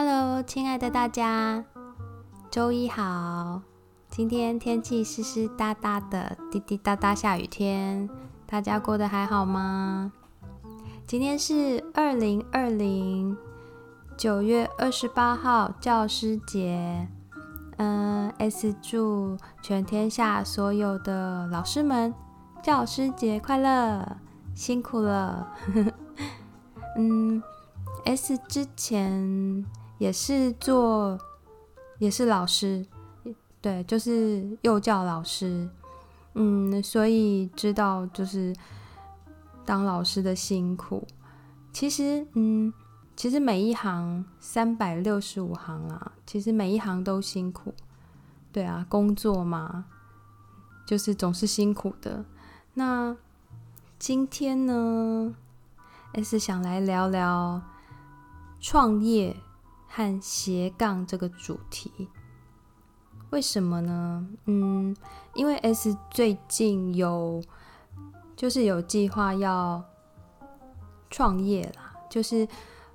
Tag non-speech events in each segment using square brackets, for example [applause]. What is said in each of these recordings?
Hello，親愛的大家，週一好。今天天氣濕濕噠噠的，滴滴答答下雨天，大家過得還好嗎？今天是二零二零九月二十八號教師節，嗯、呃、，S 祝全天下所有的老師們教師節快樂，辛苦了。 [laughs] 嗯，S 之前。也是做，也是老師，對，就是幼教老師，嗯，所以知道就是當老師的辛苦。其實，嗯，其實每一行三百六十五行啊，其實每一行都辛苦。對啊，工作嘛，就是總是辛苦的。那今天呢，也是想來聊聊創業。和斜槓這個主題，為什麼呢？嗯，因為 S 最近有就是有計劃要創業啦，就是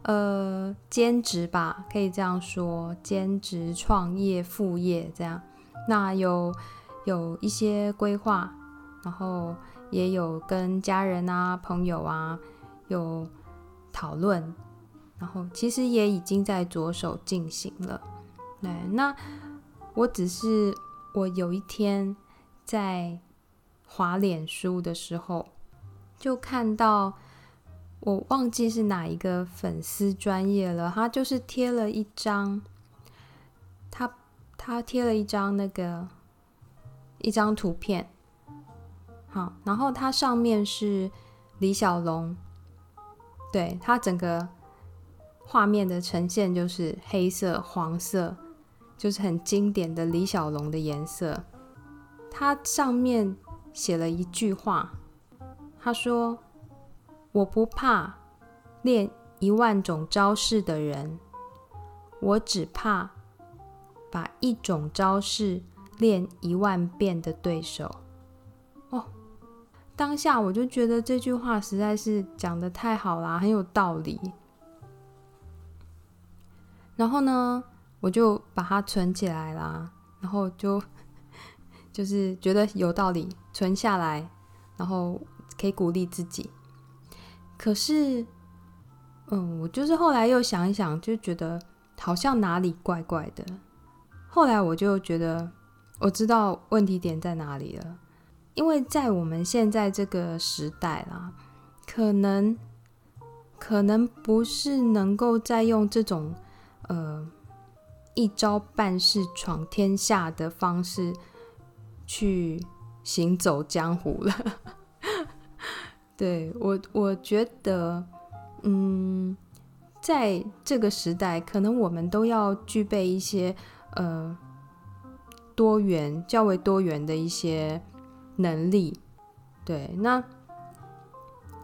呃兼職吧，可以這樣說，兼職創業副業這樣。那有有一些規劃，然後也有跟家人啊、朋友啊有討論。然後其實也已經在着手進行了。對，那我只是我有一天在滑臉書的時候，就看到我忘記是哪一個粉絲專頁了，他就是貼了一張，他他貼了一張那個一張圖片，好，然後他上面是李小龍，對，他整個。畫面的呈現就是黑色、黃色，就是很經典的李小龍的顏色。他上面寫了一句話，他說：“我不怕練一萬種招式的人，我只怕把一種招式練一萬遍的對手。”哦，當下我就覺得這句話實在是講得太好啦，很有道理。然後呢，我就把它存起來啦。然後就就是覺得有道理，存下來，然後可以鼓勵自己。可是，嗯，我就是後來又想一想，就覺得好像哪裡怪怪的。後來我就覺得我知道問題點在哪裡了，因為在我們現在這個時代啦，可能可能不是能夠再用這種。呃，一招半式闖天下的方式去行走江湖了。 [laughs] 對，我，我覺得，嗯，在這個時代，可能我們都要具備一些呃多元、較為多元的一些能力。對，那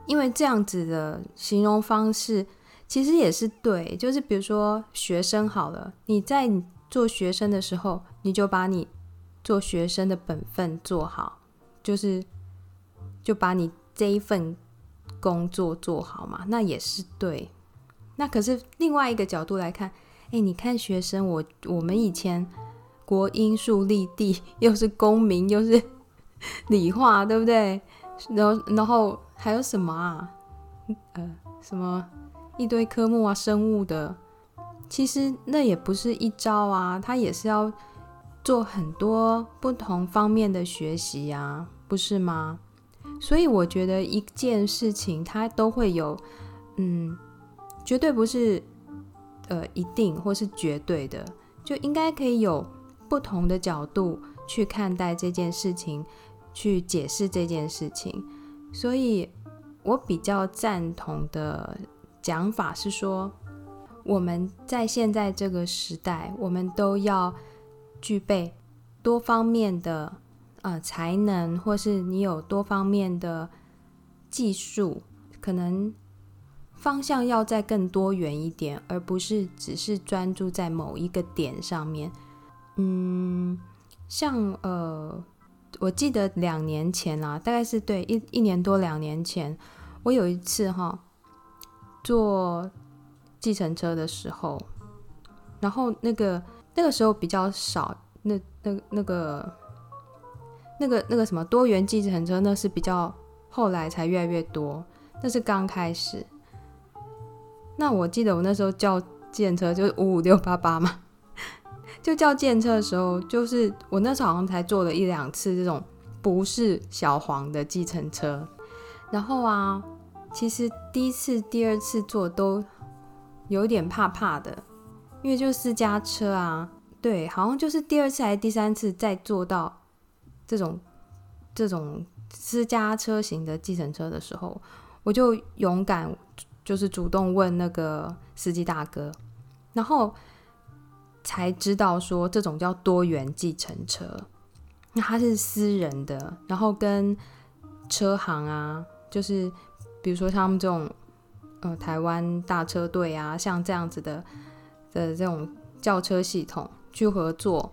因為這樣子的形容方式。其實也是對，就是比如說學生好了，你在做學生的時候，你就把你做學生的本分做好，就是就把你這一份工作做好嘛，那也是對。那可是另外一個角度來看，哎，你看學生，我我們以前國英數理地，又是公民，又是理化，對不對？然後然後還有什麼啊？呃，什麼？一堆科目啊，生物的，其實那也不是一招啊，它也是要做很多不同方面的學習呀、啊，不是嗎？所以我覺得一件事情它都會有，嗯，絕對不是，呃，一定或是絕對的，就應該可以有不同的角度去看待這件事情，去解釋這件事情。所以我比較贊同的。講法是說，我們在現在這個時代，我們都要具備多方面的呃才能，或是你有多方面的技術，可能方向要再更多元一點，而不是只是專注在某一個點上面。嗯，像呃，我記得兩年前啦，大概是對一一年多兩年前，我有一次哈。坐計程車的時候，然後那個那個時候比較少，那那那個那個那個什麼多元計程車那是比較後來才越來越多，那是剛開始。那我記得我那時候叫計程車就是55688嘛，就叫計程車的時候，就是我那時候好像才坐了一兩次這種不是小黃的計程車，然後啊。其實第一次、第二次坐都有點怕怕的，因為就是私家車啊。對，好像就是第二次還是第三次再坐到這種這種私家車型的計程車的時候，我就勇敢，就是主動問那個司機大哥，然後才知道說這種叫多元計程車，那它是私人的，然後跟車行啊，就是。比如說，他們這種，呃，台灣大車隊啊，像這樣子的的這種轎車系統去合作，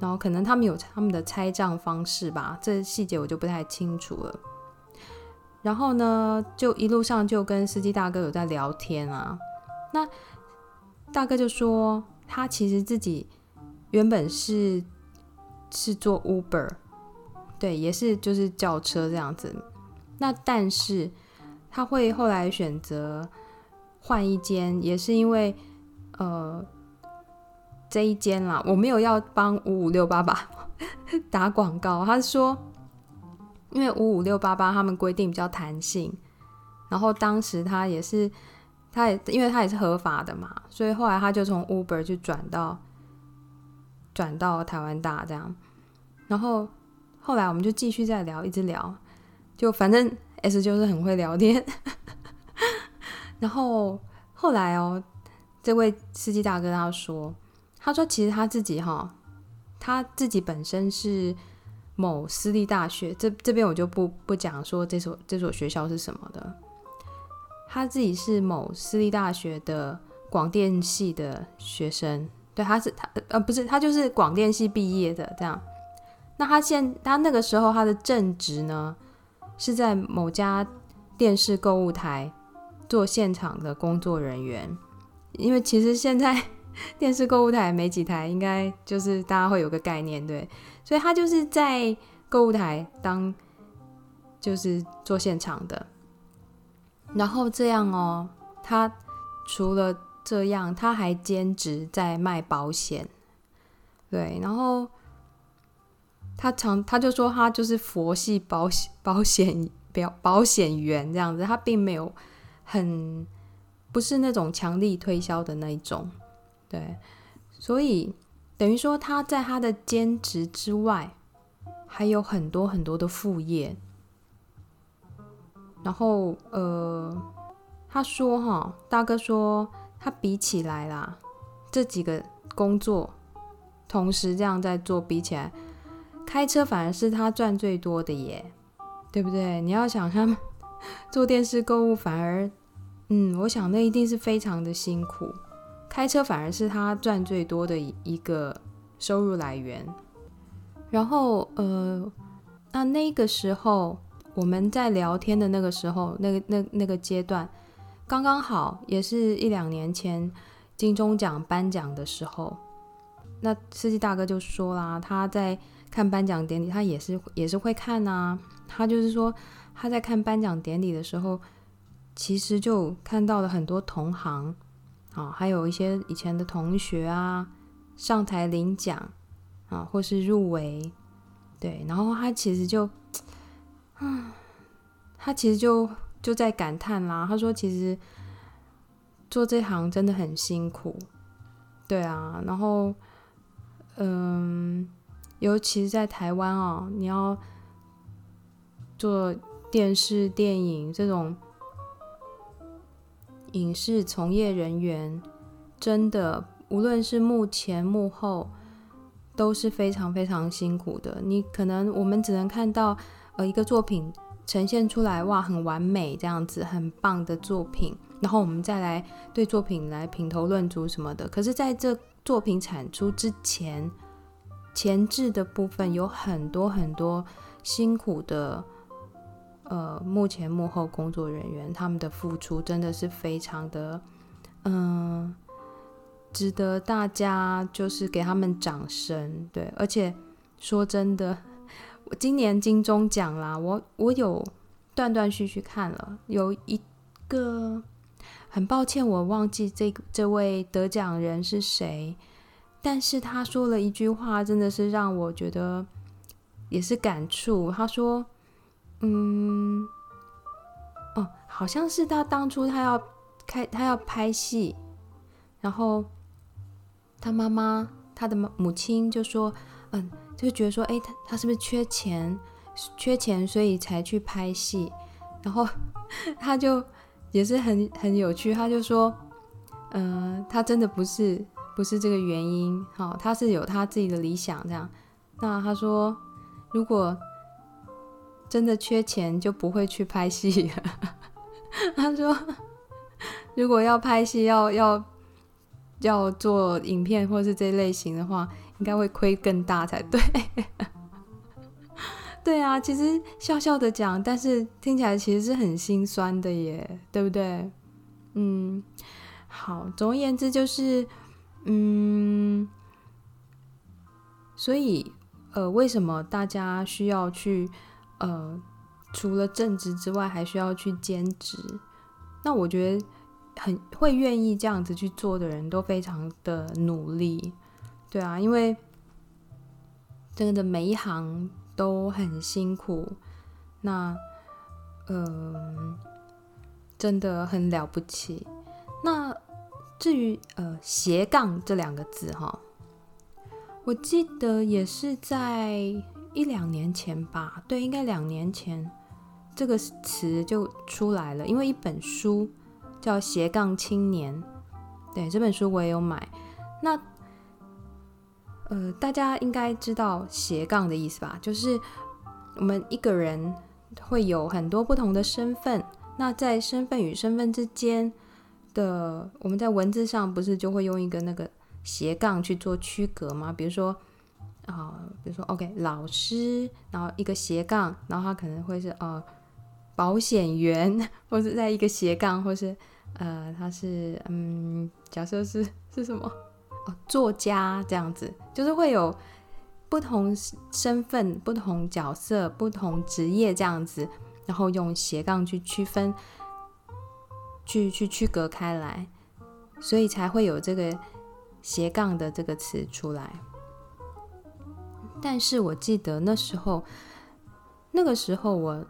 然後可能他們有他們的拆賬方式吧，這細節我就不太清楚了。然後呢，就一路上就跟司機大哥有在聊天啊。那大哥就說，他其實自己原本是是做 Uber，對，也是就是轎車這樣子。那但是。他會後來選擇換一間，也是因為呃這一間啦，我沒有要幫五五六八八打廣告。他是說，因為五五六八八他們規定比較彈性，然後當時他也是，他也，因為他也是合法的嘛，所以後來他就從 Uber 就轉到轉到台灣大這樣，然後後來我們就繼續再聊，一直聊，就反正。S, S 就是很會聊天， [laughs] 然後後來哦，這位司機大哥他說，他說其實他自己哈、哦，他自己本身是某私立大學，這這邊我就不不講說這所這所學校是什麼的，他自己是某私立大學的廣電系的學生，對，他是他呃不是，他就是廣電系畢業的這樣，那他現他那個時候他的正職呢？是在某家電視購物台做現場的工作人員，因為其實現在電視購物台沒幾台，應該就是大家會有個概念，對。所以他就是在購物台當，就是做現場的。然後這樣哦，他除了這樣，他還兼職在賣保險，對。然後。他常他就說他就是佛系保險保險表保險員這樣子，他並沒有很，不是那種強力推銷的那一種，對。所以等於說他在他的兼職之外還有很多很多的副業。然後呃，他說哈，大哥說他比起來啦，這幾個工作同時這樣在做比起來，開車反而是他賺最多的耶，對不對？你要想他們做電視購物，反而，嗯，我想那一定是非常的辛苦。開車反而是他賺最多的一個收入來源。然後，呃，那那個時候我們在聊天的那個時候，那個那那個階段，剛剛好也是一兩年前金鐘獎頒獎的時候，那司機大哥就說啦，他在。看頒獎典禮，他也是也是會看啊。他就是說，他在看頒獎典禮的時候，其實就看到了很多同行，啊，還有一些以前的同學啊上台領獎啊，或是入圍，對。然後他其實就，嗯，他其實就就在感嘆啦。他說，其實做這行真的很辛苦，對啊。然後，嗯。尤其是在台灣哦，你要做電視、電影這種影視從業人員，真的無論是幕前幕後，都是非常非常辛苦的。你可能我們只能看到呃一個作品呈現出來，哇，很完美這樣子，很棒的作品，然後我們再來對作品來評頭論足什麼的。可是，在這作品產出之前，前置的部分有很多很多辛苦的，呃，幕前幕後工作人員他們的付出真的是非常的，嗯、呃，值得大家就是給他們掌聲。對，而且說真的，我今年金鐘獎啦，我我有斷斷續續看了，有一個很抱歉我忘記這這位得獎人是誰。但是他說了一句話，真的是讓我覺得也是感觸。他說：“嗯，哦，好像是他當初他要開他要拍戲，然後他媽媽他的母親就說，嗯，就覺得說，欸，他他是不是缺錢，缺錢所以才去拍戲？然後他就也是很很有趣，他就說，嗯，他真的不是。”不是這個原因，好、哦，他是有他自己的理想這樣。那他說，如果真的缺錢，就不會去拍戲了。 [laughs] 他說，如果要拍戲要，要要要做影片或是這類型的話，應該會虧更大才對。 [laughs] 對啊，其實笑笑的講，但是聽起來其實是很心酸的耶，對不對？嗯，好，總而言之就是。嗯，所以，呃，為什麼大家需要去，呃，除了正職之外，還需要去兼職？那我覺得很會願意這樣子去做的人都非常的努力，對啊，因為真的每一行都很辛苦，那嗯、呃，真的很了不起。至於呃斜槓這兩個字哈，我記得也是在一兩年前吧，對，應該兩年前這個詞就出來了，因為一本書叫《斜槓青年》，對，這本書我也有買。那，呃，大家應該知道斜槓的意思吧？就是我們一個人會有很多不同的身份，那在身份與身份之間。的，我們在文字上不是就會用一個那個斜槓去做區隔嗎？比如說啊、呃，比如說，OK，老師，然後一個斜槓，然後他可能會是呃保險員，或是在一個斜槓，或是呃，他是嗯，角色是是什麼哦，作家這樣子，就是會有不同身份、不同角色、不同職業這樣子，然後用斜槓去區分。去去區隔開來，所以才會有這個斜槓的這個詞出來。但是我記得那時候，那個時候我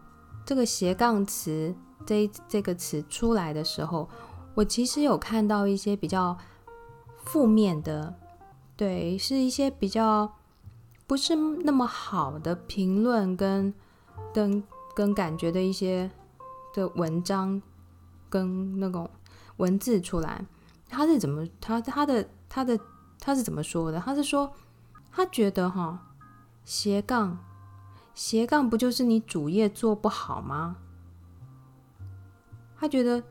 這個斜槓詞這這個詞出來的時候，我其實有看到一些比較負面的，對，是一些比較不是那麼好的評論跟跟跟感覺的一些的文章。跟那個文字出來，他是怎麼他他的他的他是怎麼說的？他是說他覺得哈斜槓斜槓不就是你主業做不好嗎？他覺得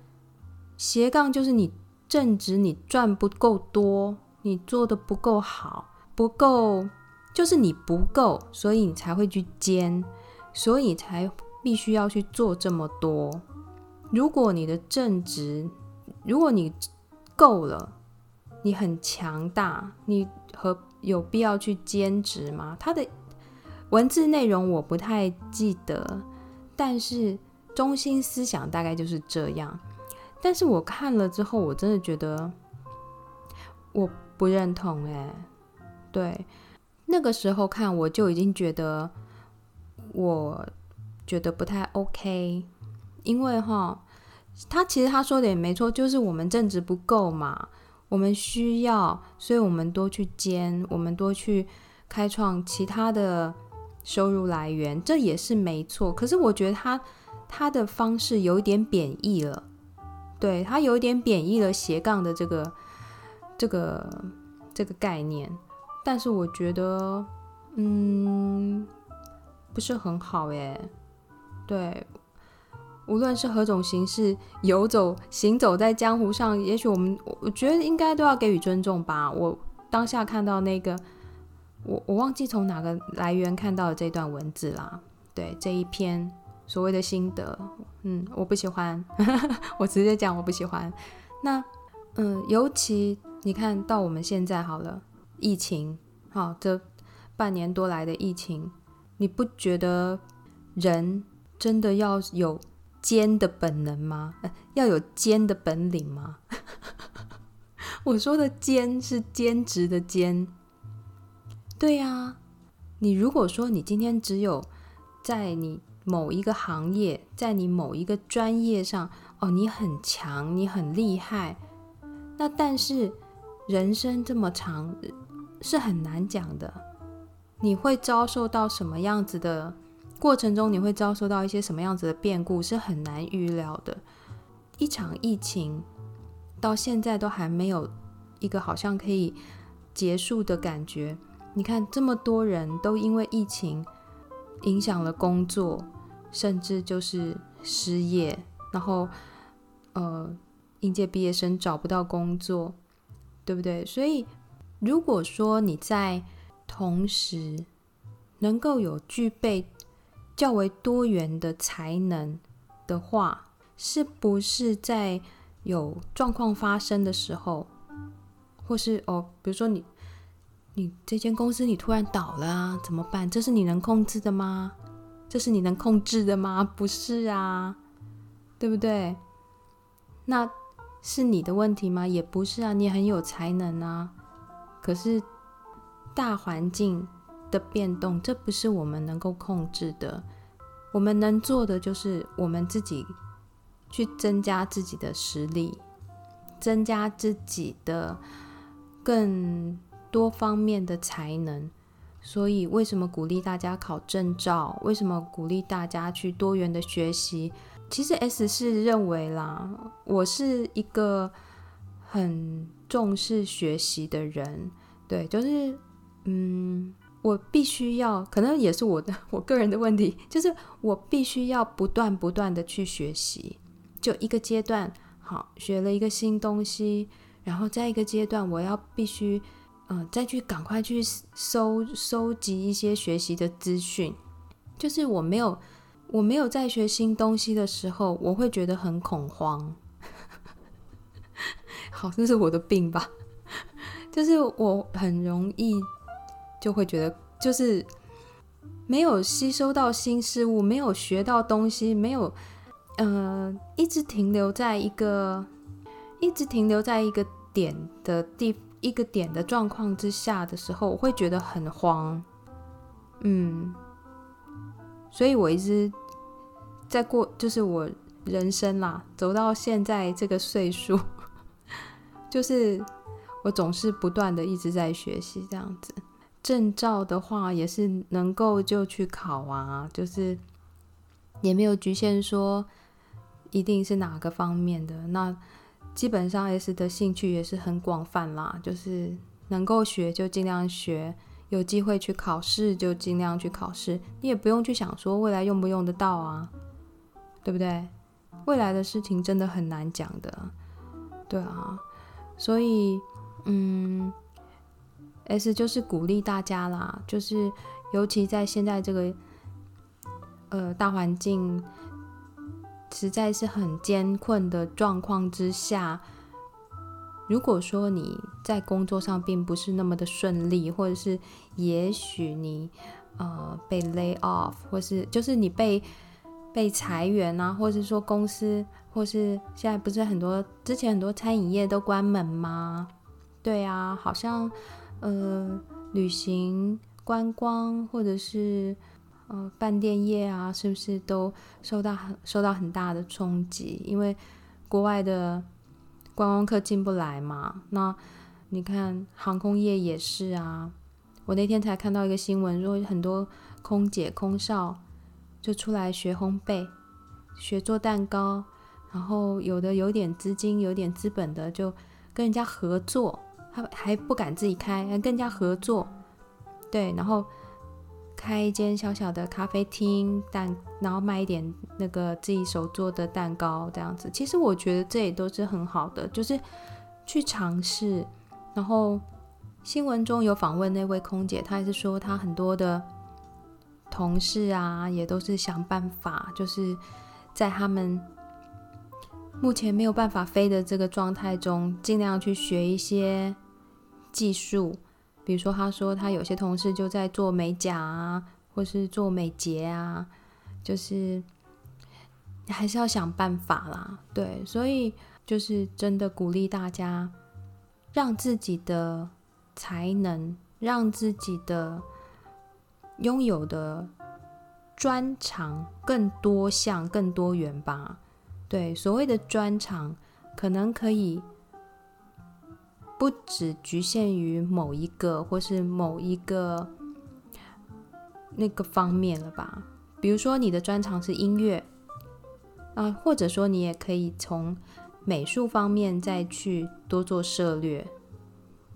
斜槓就是你正職你賺不夠多，你做得不夠好，不夠就是你不夠，所以你才會去兼，所以你才必須要去做這麼多。如果你的正職，如果你夠了，你很強大，你和有必要去兼職嗎？他的文字內容我不太記得，但是中心思想大概就是這樣。但是我看了之後，我真的覺得我不認同。誒，對，那個時候看我就已經覺得，我覺得不太 OK。因為哈、哦，他其實他說的也沒錯，就是我們正職不夠嘛，我們需要，所以我們多去兼，我們多去開創其他的收入來源，這也是沒錯。可是我覺得他他的方式有一點貶義了，對，他有一點貶義了斜槓的這個這個這個概念。但是我覺得，嗯，不是很好誒，對。無論是何種形式，遊走、行走，在江湖上，也許我們我覺得應該都要給予尊重吧。我當下看到那個，我我忘記從哪個來源看到的這段文字啦。對，這一篇所謂的心得，嗯，我不喜歡， [laughs] 我直接講我不喜歡。那嗯、呃，尤其你看到我們現在好了，疫情，好，這半年多來的疫情，你不覺得人真的要有？尖的本能嗎？要有兼的本領嗎？ [laughs] 我說的“兼”是兼職的“兼”。對啊，你如果說你今天只有在你某一個行業，在你某一個專業上，哦，你很強，你很厲害，那但是人生這麼長，是很難講的，你會遭受到什麼樣子的？過程中你會遭受到一些什麼樣子的變故是很難預料的。一場疫情到現在都還沒有一個好像可以結束的感覺。你看，這麼多人都因為疫情影響了工作，甚至就是失業，然後呃應屆畢業生找不到工作，對不對？所以如果說你在同時能夠有具備。較為多元的才能的話，是不是在有狀況發生的時候，或是哦，比如說你你這間公司你突然倒了啊，怎麼辦？這是你能控制的嗎？這是你能控制的嗎？不是啊，對不對？那是你的問題嗎？也不是啊，你很有才能啊，可是大環境。的變動，這不是我們能夠控制的。我們能做的就是我們自己去增加自己的實力，增加自己的更多方面的才能。所以，為什麼鼓勵大家考證照？為什麼鼓勵大家去多元的學習？其實，S 是認為啦，我是一個很重視學習的人。對，就是嗯。我必須要，可能也是我的我個人的問題，就是我必須要不斷不斷的去學習。就一個階段，好，學了一個新東西，然後在一個階段，我要必須，嗯、呃，再去趕快去收收集一些學習的資訊。就是我沒有，我沒有在學新東西的時候，我會覺得很恐慌。 [laughs] 好，這是我的病吧？就是我很容易。就會覺得就是沒有吸收到新事物，沒有學到東西，沒有，嗯、呃，一直停留在一個一直停留在一個點的地一個點的狀況之下的時候，我會覺得很慌。嗯，所以我一直在過，就是我人生啦，走到現在這個歲數，就是我總是不斷的一直在學習，這樣子。證照的話也是能夠就去考啊，就是也沒有侷限說一定是哪個方面的。那基本上 S 的興趣也是很廣泛啦，就是能夠學就盡量學，有機會去考試就盡量去考試。你也不用去想說未來用不用得到啊，對不對？未來的事情真的很難講的，對啊。所以，嗯。還是就是鼓勵大家啦，就是尤其在現在這個呃大環境實在是很艱困的狀況之下，如果說你在工作上並不是那麼的順利，或者是也許你呃被 lay off，或是就是你被被裁員啊，或者說公司或是現在不是很多之前很多餐飲業都關門嗎？對啊，好像，呃，旅行觀光或者是呃飯店業啊，是不是都受到很受到很大的衝擊？因為國外的觀光客進不來嘛。那你看航空業也是啊。我那天才看到一個新聞，說很多空姐空少就出來學烘焙，學做蛋糕。然後有的有點資金、有點資本的，就跟人家合作。還還不敢自己開，還跟人家合作，對，然後開一間小小的咖啡廳，但然後賣一點那個自己手做的蛋糕這樣子。其實我覺得這也都是很好的，就是去嘗試。然後新聞中有訪問那位空姐，她也是說，她很多的同事啊，也都是想辦法，就是在他們目前沒有辦法飛的這個狀態中，盡量去學一些。技術，比如說，他說他有些同事就在做美甲啊，或是做美睫啊，就是還是要想辦法啦，對，所以就是真的鼓勵大家，讓自己的才能，讓自己的擁有的專長更多項、更多元吧，對，所謂的專長可能可以。不只局限於某一個或是某一個那個方面了吧？比如說你的專長是音樂啊，或者說你也可以從美術方面再去多做涉略，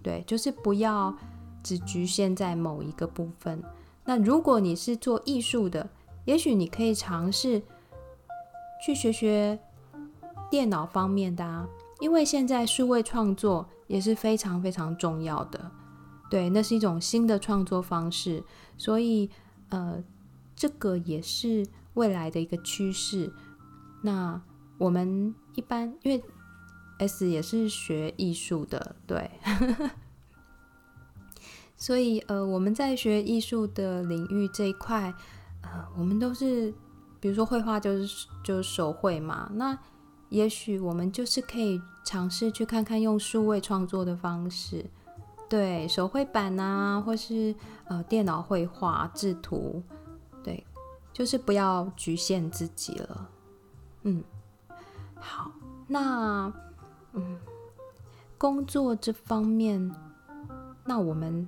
對，就是不要只局限在某一個部分。那如果你是做藝術的，也許你可以嘗試去學學電腦方面的啊。因為現在數位創作也是非常非常重要的，對，那是一種新的創作方式，所以呃，這個也是未來的一個趨勢。那我們一般因為 S 也是學藝術的，對， [laughs] 所以呃，我們在學藝術的領域這一塊，呃，我們都是比如說繪畫就是就是手繪嘛，那也許我們就是可以嘗試去看看用數位創作的方式，對，手繪板啊，或是呃電腦繪畫製圖，對，就是不要局限自己了。嗯，好，那嗯工作這方面，那我們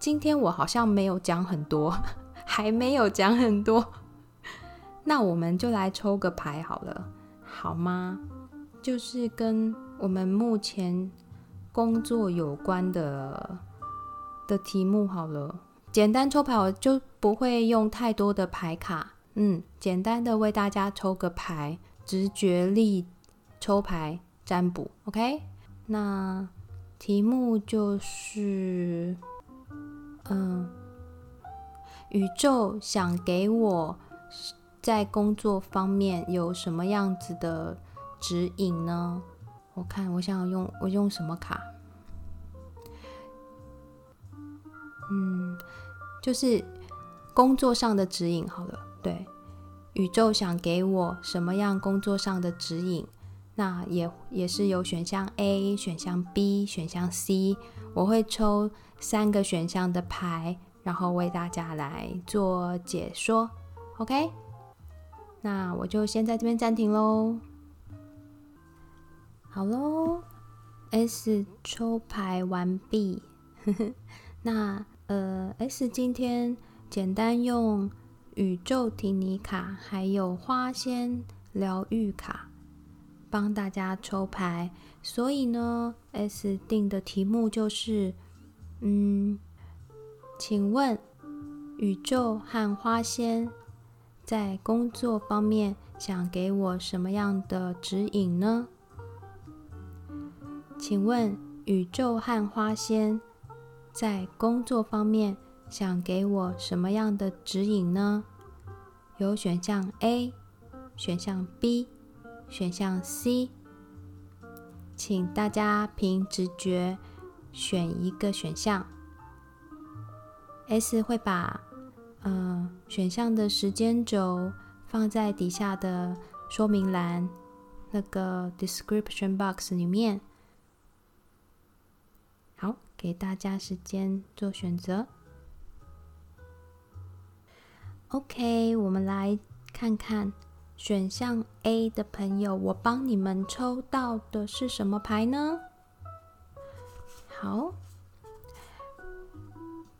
今天我好像沒有講很多，還沒有講很多，那我們就來抽個牌好了。好嗎？就是跟我們目前工作有關的的題目好了。簡單抽牌，我就不會用太多的牌卡，嗯，簡單的為大家抽個牌，直覺力抽牌占卜，OK？那題目就是，嗯，宇宙想給我。在工作方面有什麼樣子的指引呢？我看，我想用我用什麼卡？嗯，就是工作上的指引。好了，對，宇宙想給我什麼樣工作上的指引？那也也是有選項 A、選項 B、選項 C。我會抽三個選項的牌，然後為大家來做解說。OK。那我就先在這邊暫停嘍。好嘍，S 抽牌完畢。 [laughs] 那呃，S 今天簡單用宇宙提尼卡還有花仙療癒卡幫大家抽牌，所以呢，S 定的題目就是，嗯，請問宇宙和花仙。在工作方面，想給我什麼樣的指引呢？請問宇宙和花仙在工作方面，想給我什麼樣的指引呢？有選項 A、選項 B、選項 C，請大家憑直覺選一個選項。S 會把。嗯，選項的時間軸放在底下的說明欄，那個 description box 裡面。好，給大家時間做選擇。OK，我們來看看選項 A 的朋友，我幫你們抽到的是什麼牌呢？好。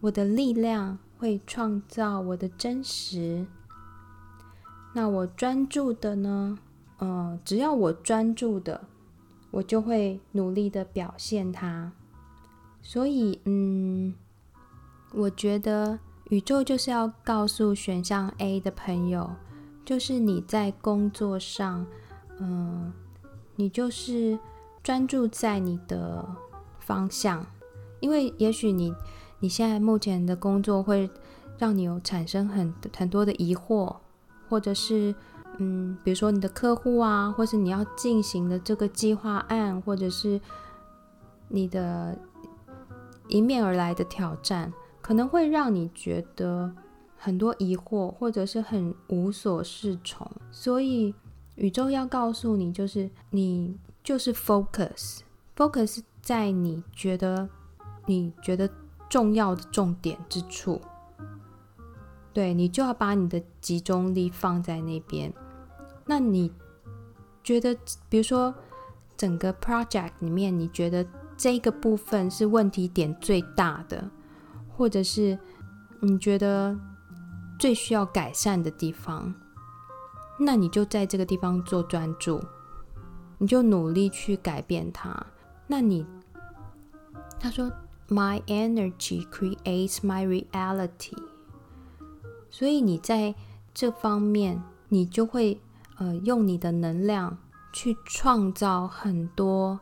我的力量會創造我的真實。那我專注的呢？呃，只要我專注的，我就會努力的表現它。所以，嗯，我覺得宇宙就是要告訴選項 A 的朋友，就是你在工作上，嗯、呃，你就是專注在你的方向，因為也許你。你現在目前的工作會讓你有產生很很多的疑惑，或者是，嗯，比如說你的客戶啊，或是你要進行的這個計劃案，或者是你的迎面而來的挑戰，可能會讓你覺得很多疑惑，或者是很無所適從。所以，宇宙要告訴你，就是你就是 focus，focus 在你覺得，你覺得。重要的重點之處，對，你就要把你的集中力放在那邊。那你覺得，比如說整個 project 裡面，你覺得這個部分是問題點最大的，或者是你覺得最需要改善的地方，那你就在這個地方做專注，你就努力去改變它。那你，他說。My energy creates my reality。所以你在這方面，你就會呃用你的能量去創造很多，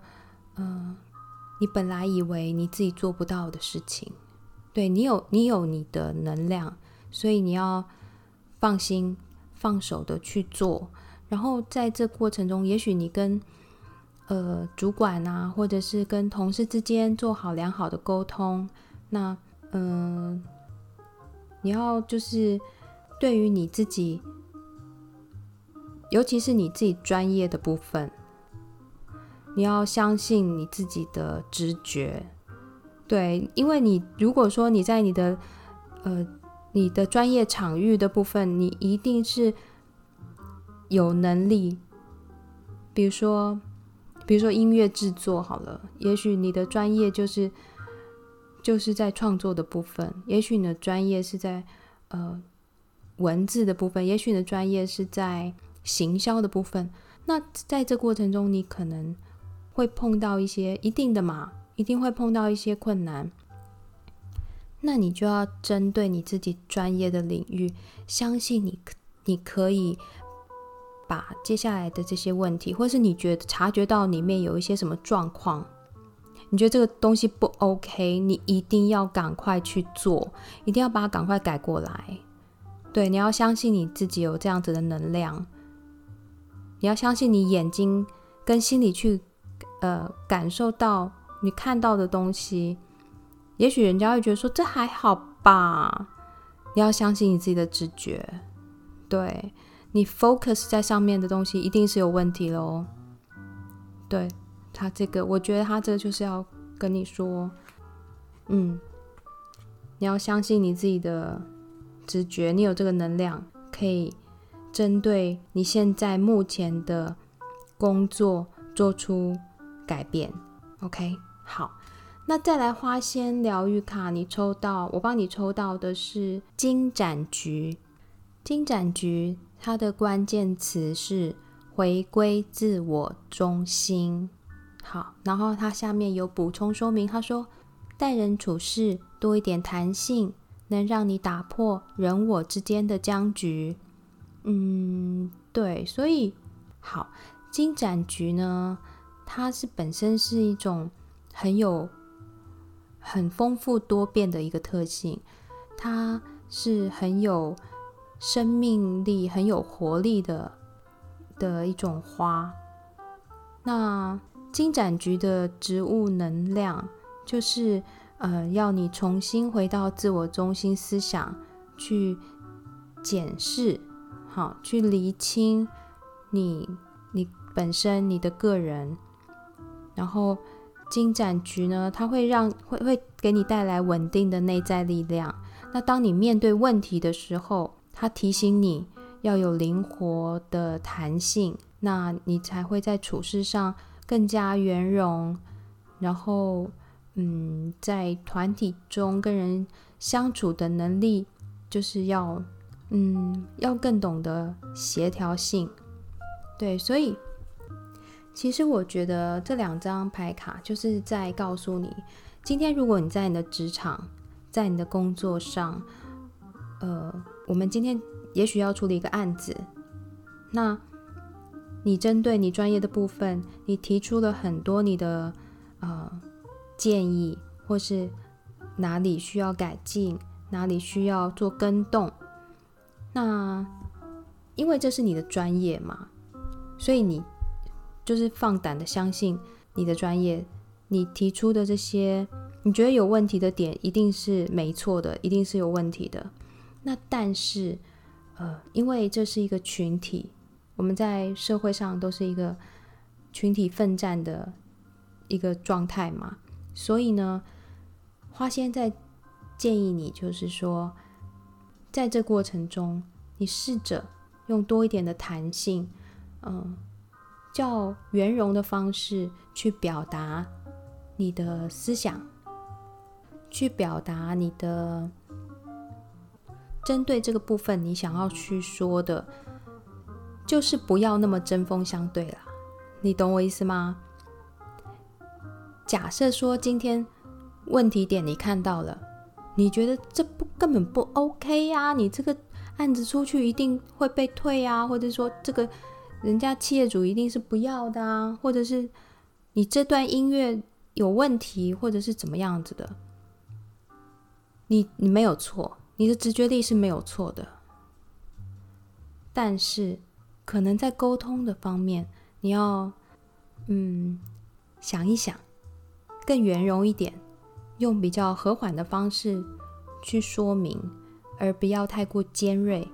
嗯、呃，你本來以為你自己做不到的事情。對，你有你有你的能量，所以你要放心放手的去做。然後在這過程中，也許你跟呃，主管吶、啊，或者是跟同事之間做好良好的溝通。那，嗯、呃，你要就是對於你自己，尤其是你自己專業的部分，你要相信你自己的直覺。對，因為你如果說你在你的呃你的專業場域的部分，你一定是有能力，比如說。比如說音樂製作好了，也許你的專業就是就是在創作的部分，也許你的專業是在呃文字的部分，也許你的專業是在行銷的部分。那在這過程中，你可能會碰到一些一定的嘛，一定會碰到一些困難。那你就要針對你自己專業的領域，相信你你可以。把接下來的這些問題，或是你覺得察覺到裡面有一些什麼狀況，你覺得這個東西不 OK，你一定要趕快去做，一定要把它趕快改過來。對，你要相信你自己有這樣子的能量，你要相信你眼睛跟心裡去，呃，感受到你看到的東西。也許人家會覺得說這還好吧，你要相信你自己的直覺，對。你 focus 在上面的東西一定是有問題嘍，對它這個，我覺得它這個就是要跟你說，嗯，你要相信你自己的直覺，你有這個能量可以針對你現在目前的工作做出改變。OK，好，那再來花仙療癒卡，你抽到，我幫你抽到的是金盞菊，金盞菊。它的關鍵詞是回歸自我中心，好，然後它下面有補充說明，他說待人處事多一點彈性，能讓你打破人我之間的僵局。嗯，對，所以好，金盞菊呢，它是本身是一種很有很豐富多變的一個特性，它是很有。生命力，很有活力的的一種花，那金盞菊的植物能量就是呃，要你重新回到自我中心思想去檢視，好去釐清你你本身你的個人，然後金盞菊呢，它會讓會會給你帶來穩定的內在力量。那當你面對問題的時候，他提醒你要有靈活的彈性，那你才會在處事上更加圓融。然後，嗯，在團體中跟人相處的能力，就是要，嗯，要更懂得協調性。對，所以其實我覺得這兩張牌卡就是在告訴你，今天如果你在你的職場，在你的工作上，呃。我們今天也許要處理一個案子，那，你針對你專業的部分，你提出了很多你的呃建議，或是哪裡需要改進，哪裡需要做更動，那，因為這是你的專業嘛，所以你就是放膽的相信你的專業，你提出的這些你覺得有問題的點，一定是沒錯的，一定是有問題的。那但是，呃，因為這是一個群體，我們在社會上都是一個群體奮戰的一個狀態嘛，所以呢，花仙在建議你，就是說，在這過程中，你試着用多一點的彈性，嗯、呃，較圓融的方式去表達你的思想，去表達你的。針對這個部分，你想要去說的，就是不要那麼針鋒相對啦。你懂我意思嗎？假設說今天問題點你看到了，你覺得這不根本不 OK 啊，你這個案子出去一定會被退啊，或者說這個人家企業主一定是不要的啊，或者是你這段音樂有問題，或者是怎麼樣子的。你你沒有錯。你的直覺力是沒有錯的，但是可能在溝通的方面，你要嗯想一想，更圓融一點，用比較和緩的方式去說明，而不要太過尖銳。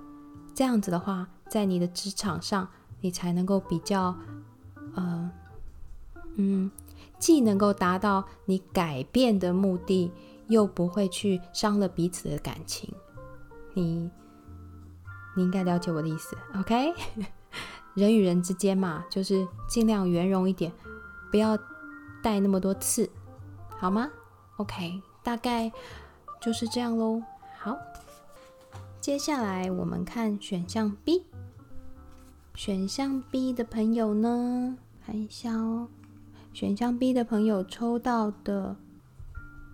這樣子的話，在你的職場上，你才能夠比較呃嗯，既能夠達到你改變的目的。又不會去傷了彼此的感情，你你應該了解我的意思，OK？人與人之間嘛，就是盡量圓融一點，不要帶那麼多刺，好嗎？OK，大概就是這樣嘍。好，接下來我們看選項 B。選項 B 的朋友呢，看一下哦。選項 B 的朋友抽到的。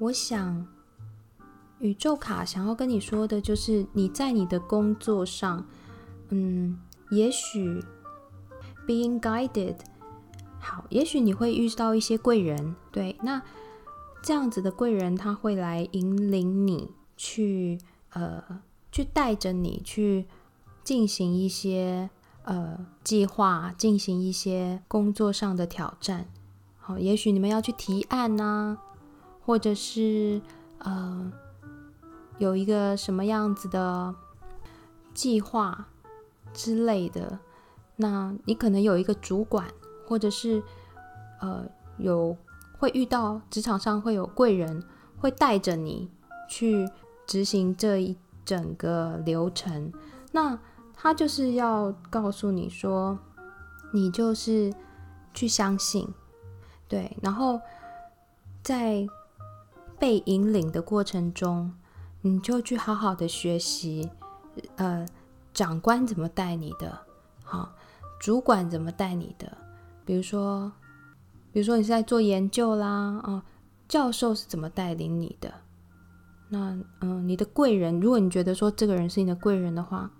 我想，宇宙卡想要跟你說的就是你在你的工作上，嗯，也許 being guided，好，也許你會遇到一些貴人，對，那這樣子的貴人他會來引領你去，呃，去帶着你去進行一些呃計劃，進行一些工作上的挑戰。好，也許你們要去提案呢、啊。或者是呃有一個什麼樣子的計劃之類的，那你可能有一個主管，或者是呃有會遇到職場上會有貴人，會帶着你去執行這一整個流程。那他就是要告訴你說，你就是去相信，對，然後在，被引領的過程中，你就去好好的學習，呃，長官怎麼帶你的，好、哦，主管怎麼帶你的，比如說，比如說你是在做研究啦，哦，教授是怎麼帶領你的？那，嗯、呃，你的貴人，如果你覺得說這個人是你的貴人的話，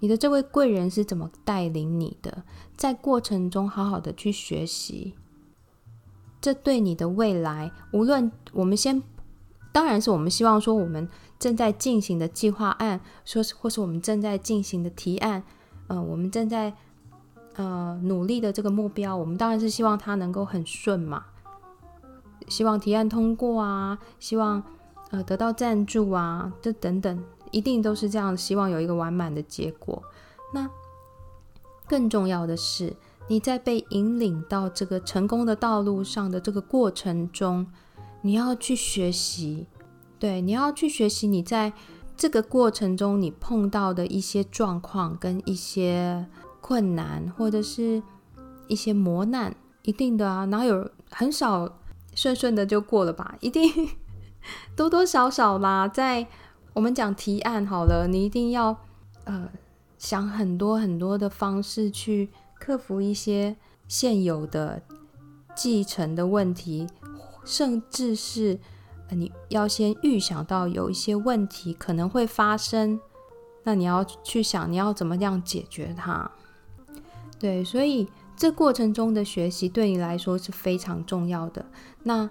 你的這位貴人是怎麼帶領你的？在過程中好好的去學習。這對你的未來，無論我們先，當然是我們希望說我們正在進行的計劃案，說是或是我們正在進行的提案，嗯、呃，我們正在呃努力的這個目標，我們當然是希望它能夠很順嘛，希望提案通過啊，希望呃得到贊助啊，這等等，一定都是這樣，希望有一個完滿的結果。那更重要的是。你在被引領到這個成功的道路上的這個過程中，你要去學習，對，你要去學習。你在這個過程中，你碰到的一些狀況跟一些困難，或者是一些磨難，一定的啊，哪有很少順順的就過了吧？一定多多少少啦。在我們講提案好了，你一定要呃想很多很多的方式去。克服一些現有的繼承的問題，甚至是你要先預想到有一些問題可能會發生，那你要去想你要怎麼樣解決它。對，所以這過程中的學習對你來說是非常重要的。那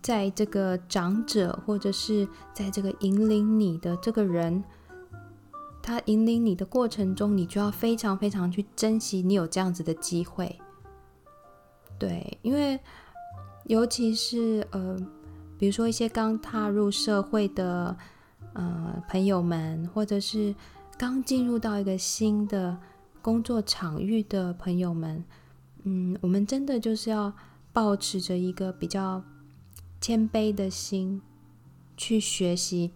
在這個長者或者是在這個引領你的這個人。他引領你的過程中，你就要非常非常去珍惜你有這樣子的機會，對，因為尤其是呃，比如說一些剛踏入社會的呃朋友們，或者是剛進入到一個新的工作場域的朋友們，嗯，我們真的就是要保持着一個比較謙卑的心去學習。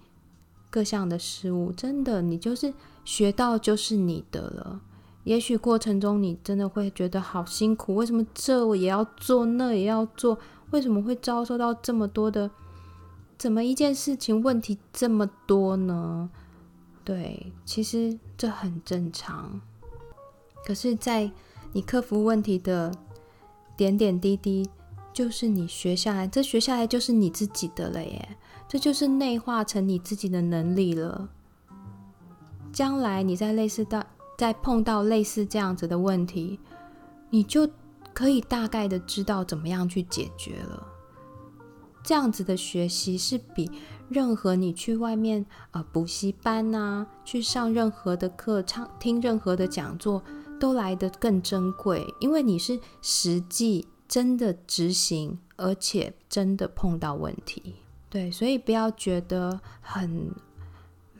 各項的事物，真的，你就是學到就是你的了。也許過程中你真的會覺得好辛苦，為什麼這我也要做，那也要做？為什麼會遭受到這麼多的？怎麼一件事情問題這麼多呢？對，其實這很正常。可是，在你克服問題的點點滴滴，就是你學下來，這學下來就是你自己的了耶。這就是內化成你自己的能力了。將來你再類似到再碰到類似這樣子的問題，你就可以大概的知道怎麼樣去解決了。這樣子的學習是比任何你去外面啊、呃、補習班吶、啊，去上任何的課、唱聽任何的講座都來得更珍貴，因為你是實際真的執行，而且真的碰到問題。對，所以不要覺得很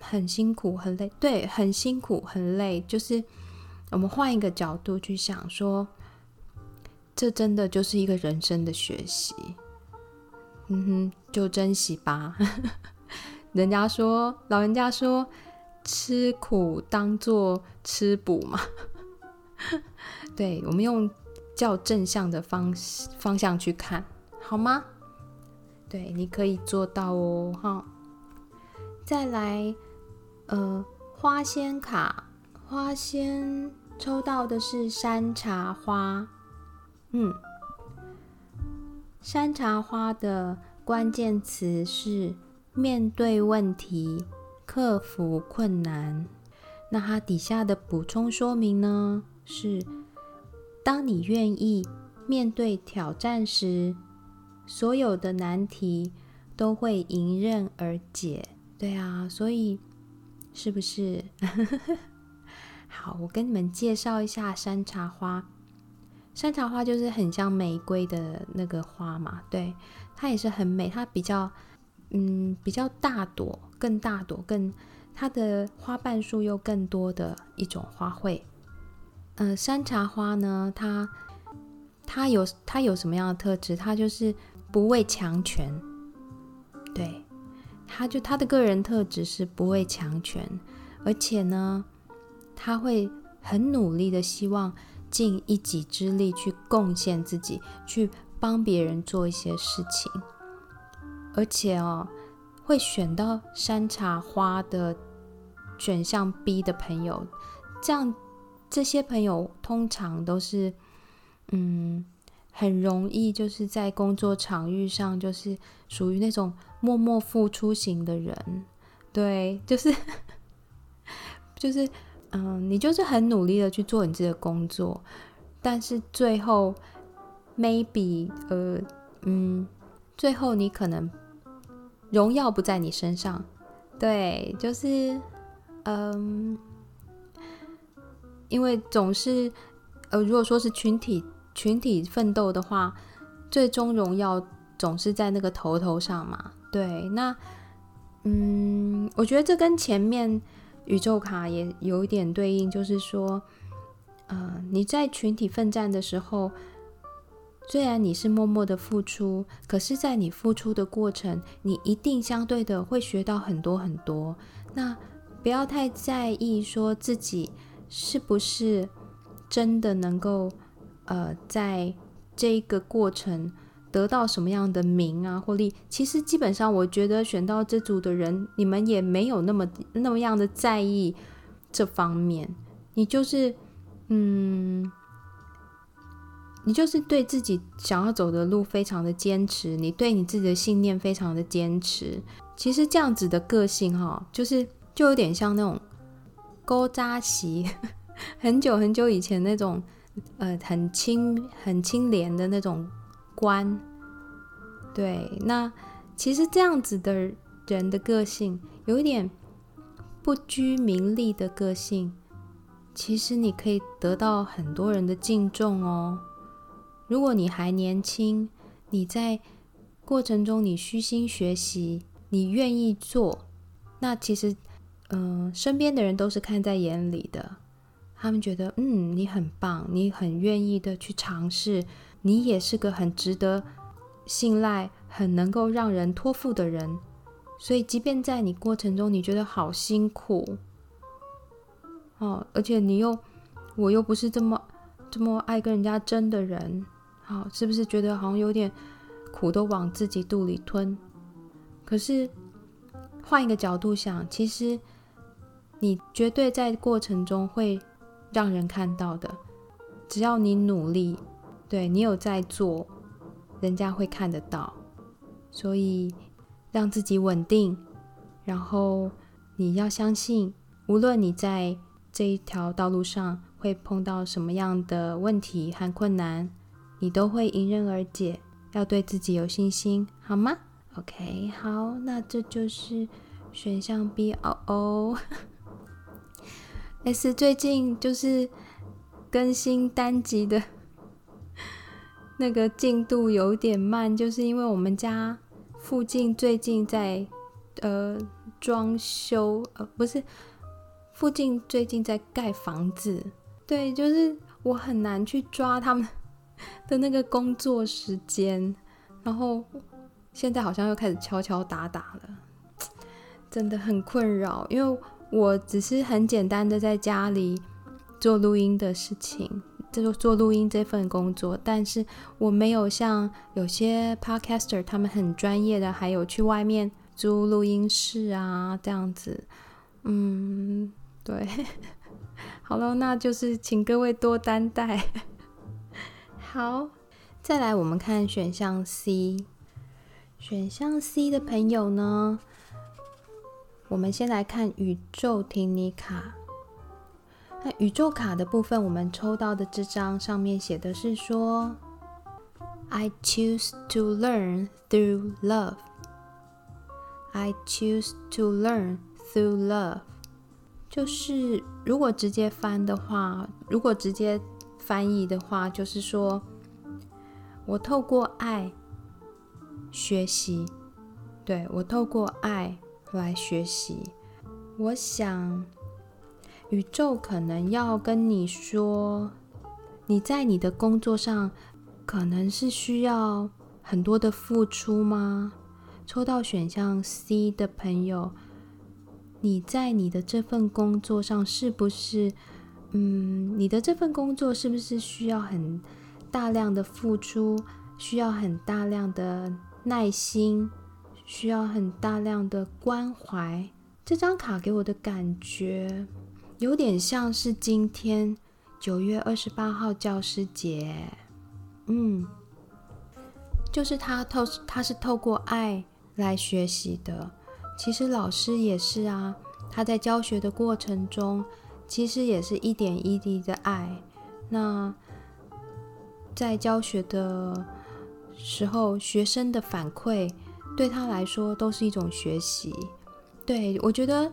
很辛苦、很累。對，很辛苦、很累，就是我們換一個角度去想說，說這真的就是一個人生的學習。嗯哼，就珍惜吧。 [laughs] 人家說，老人家說，吃苦當做吃補嘛。 [laughs] 對，我們用較正向的方方向去看，好嗎？對，你可以做到哦，哈！再來，呃，花仙卡，花仙抽到的是山茶花，嗯，山茶花的關鍵詞是面對問題、克服困難。那它底下的補充說明呢，是當你願意面對挑戰時，所有的難題都會迎刃而解，對啊，所以是不是？ [laughs] 好，我跟你們介紹一下山茶花。山茶花就是很像玫瑰的那個花嘛，對，它也是很美，它比較，嗯，比較大朵，更大朵，更，它的花瓣數又更多的一種花卉。呃，山茶花呢，它它有它有什麼樣的特質？它就是。不畏強權，對，他就他的個人特質是不畏強權，而且呢，他會很努力的希望盡一己之力去貢獻自己，去幫別人做一些事情，而且哦，會選到山茶花的選項 B 的朋友，這樣這些朋友通常都是嗯。很容易就是在工作場域上，就是屬於那種默默付出型的人，對，就是就是，嗯，你就是很努力的去做你自己的工作，但是最後 maybe 呃，嗯，最後你可能榮耀不在你身上，對，就是嗯，因為總是呃，如果說是群體。群體奮鬥的話，最終榮耀總是在那個頭頭上嘛。對，那嗯，我覺得這跟前面宇宙卡也有一點對應，就是說，呃，你在群體奮戰的時候，雖然你是默默的付出，可是，在你付出的過程，你一定相對的會學到很多很多。那不要太在意說自己是不是真的能夠。呃，在這個過程得到什麼樣的名啊或利，其實基本上我覺得選到這組的人，你們也沒有那麼那麼樣的在意這方面。你就是，嗯，你就是對自己想要走的路非常的堅持，你對你自己的信念非常的堅持。其實這樣子的個性哈、哦，就是就有點像那種古早時，很久很久以前那種。呃，很清很清廉的那種官，對。那其實這樣子的人的個性，有一點不拘名利的個性，其實你可以得到很多人的敬重哦。如果你還年輕，你在過程中你虛心學習，你願意做，那其實，嗯、呃，身邊的人都是看在眼裡的。他們覺得，嗯，你很棒，你很願意的去嘗試，你也是個很值得信賴、很能夠讓人托付的人。所以，即便在你過程中，你覺得好辛苦哦，而且你又，我又不是這麼這麼愛跟人家爭的人，好、哦，是不是覺得好像有點苦都往自己肚裡吞？可是，換一個角度想，其實你絕對在過程中會。讓人看到的，只要你努力，對，你有在做，人家會看得到。所以讓自己穩定，然後你要相信，無論你在這一條道路上會碰到什麼樣的問題和困難，你都會迎刃而解。要對自己有信心，好嗎？OK，好，那這就是選項 B 哦。S, S 最近就是更新單集的那個進度有點慢，就是因為我們家附近最近在呃裝修，呃不是附近最近在蓋房子，對，就是我很難去抓他們的那個工作時間，然後現在好像又開始敲敲打打了，真的很困擾，因為。我只是很簡單的在家裡做錄音的事情，就做錄音這份工作，但是我沒有像有些 podcaster 他們很專業的，還有去外面租錄音室啊這樣子。嗯，對，好了，那就是請各位多擔待。好，再來我們看選項 C，選項 C 的朋友呢？我們先來看宇宙停你卡。那宇宙卡的部分，我們抽到的這張上面寫的是說：“I choose to learn through love. I choose to learn through love.” 就是如果直接翻的話，如果直接翻譯的話，就是說，我透過愛學習。對，我透過愛。來學習，我想宇宙可能要跟你說，你在你的工作上可能是需要很多的付出嗎？抽到選項 C 的朋友，你在你的這份工作上是不是，嗯，你的這份工作是不是需要很大量的付出，需要很大量的耐心？需要很大量的關懷。這張卡給我的感覺有點像是今天九月二十八號教師節。嗯，就是他透，他是透過愛來學習的。其實老師也是啊，他在教學的過程中，其實也是一點一滴的愛。那在教學的時候，學生的反饋，對他來說都是一種學習，對我覺得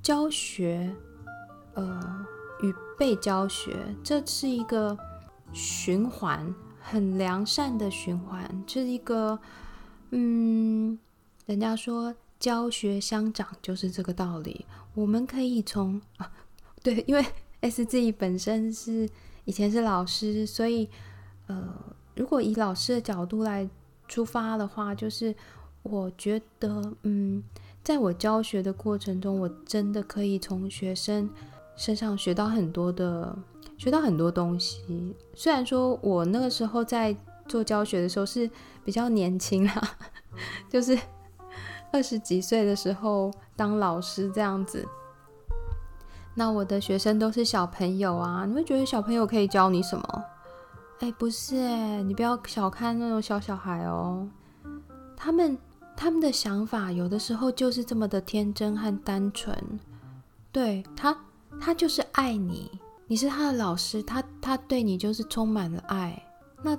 教學，呃，與被教學，這是一個循環，很良善的循環，這、就是一個，嗯，人家說教學相長就是這個道理。我們可以從，啊、對，因為 S G 本身是以前是老師，所以，呃，如果以老師的角度來出發的話，就是。我覺得，嗯，在我教學的過程中，我真的可以從學生身上學到很多的，學到很多東西。雖然說我那個時候在做教學的時候是比較年輕啦，就是二十幾歲的時候當老師這樣子。那我的學生都是小朋友啊，你會覺得小朋友可以教你什麼？哎，不是哎，你不要小看那種小小孩哦，他們。他們的想法有的時候就是這麼的天真和單純，對他，他就是愛你，你是他的老師，他他對你就是充滿了愛，那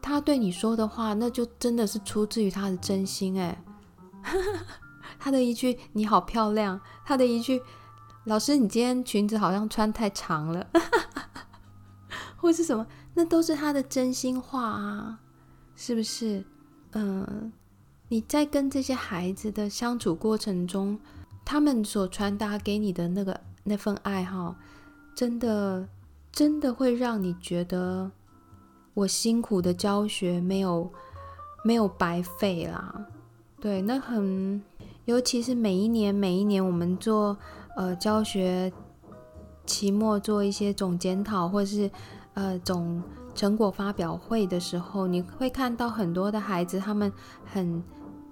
他對你說的話，那就真的是出自於他的真心哎， [laughs] 他的一句你好漂亮，他的一句老師你今天裙子好像穿太長了， [laughs] 或是什麼？那都是他的真心話啊，是不是？嗯。你在跟這些孩子的相處過程中，他們所傳達給你的那個那份愛好，真的真的會讓你覺得我辛苦的教學沒有沒有白費啦。對，那很尤其是每一年每一年我們做呃教學期末做一些總檢討，或是呃總成果發表會的時候，你會看到很多的孩子他們很。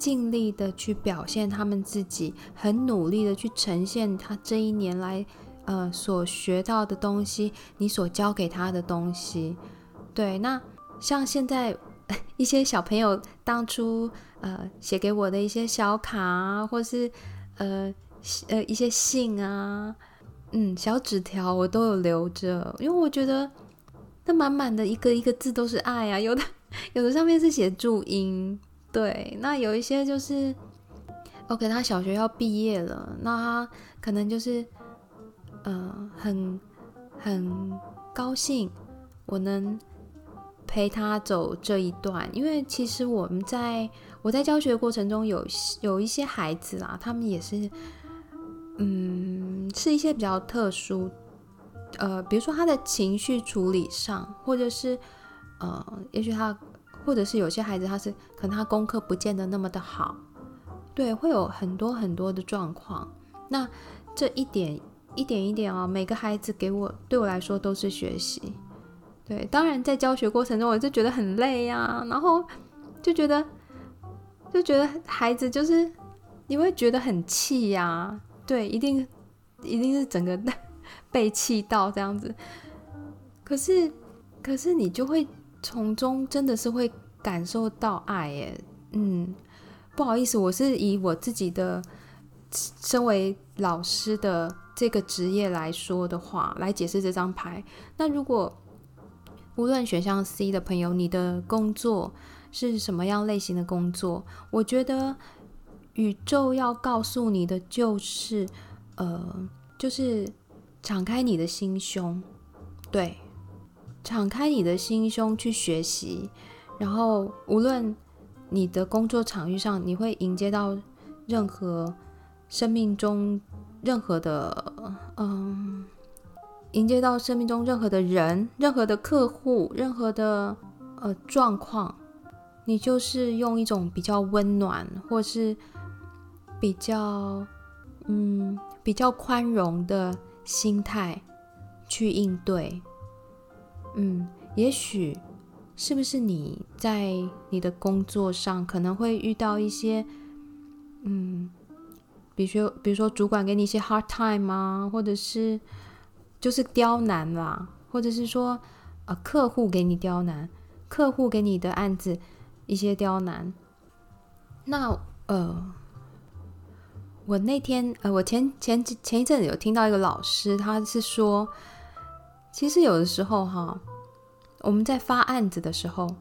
盡力的去表現他們自己，很努力的去呈現他這一年來，呃，所學到的東西，你所教給他的東西。對，那像現在一些小朋友當初呃寫給我的一些小卡啊，或是呃呃一些信啊，嗯，小紙條我都有留着，因為我覺得那滿滿的一個一個字都是愛啊，有的有的上面是寫注音。對，那有一些就是，OK，哦，他小學要畢業了，那他可能就是，呃，很，很高興，我能陪他走這一段，因為其實我們在我在教學過程中有有一些孩子啦，他們也是，嗯，是一些比較特殊，呃，比如說他的情緒處理上，或者是，呃，也許他。或者是有些孩子，他是可能他功課不見得那麼的好，對，會有很多很多的狀況。那這一點一點一點啊，每個孩子給我對我來說都是學習。對，當然在教學過程中，我就覺得很累呀，然後就覺得就覺得孩子就是你會覺得很氣呀，對，一定一定是整個被氣到這樣子。可是可是你就會。從中真的是會感受到愛，哎，嗯，不好意思，我是以我自己的身為老師的這個職業來說的話，來解釋這張牌。那如果無論選項 C 的朋友，你的工作是什麼樣類型的工作，我覺得宇宙要告訴你的就是，呃，就是敞開你的心胸，對。敞開你的心胸去學習，然後無論你的工作場域上，你會迎接到任何生命中任何的嗯，迎接到生命中任何的人、任何的客戶、任何的呃狀況，你就是用一種比較溫暖，或是比較嗯比較寬容的心態去應對。嗯，也許是不是你在你的工作上可能會遇到一些，嗯，比如說，比如說主管給你一些 hard time 啊，或者是就是刁難啦，或者是說啊，呃，客戶給你刁難，客戶給你的案子一些刁難。那呃，我那天呃，我前前前一陣子有聽到一個老師，他是說。其實有的時候哈，我們在發案子的時候，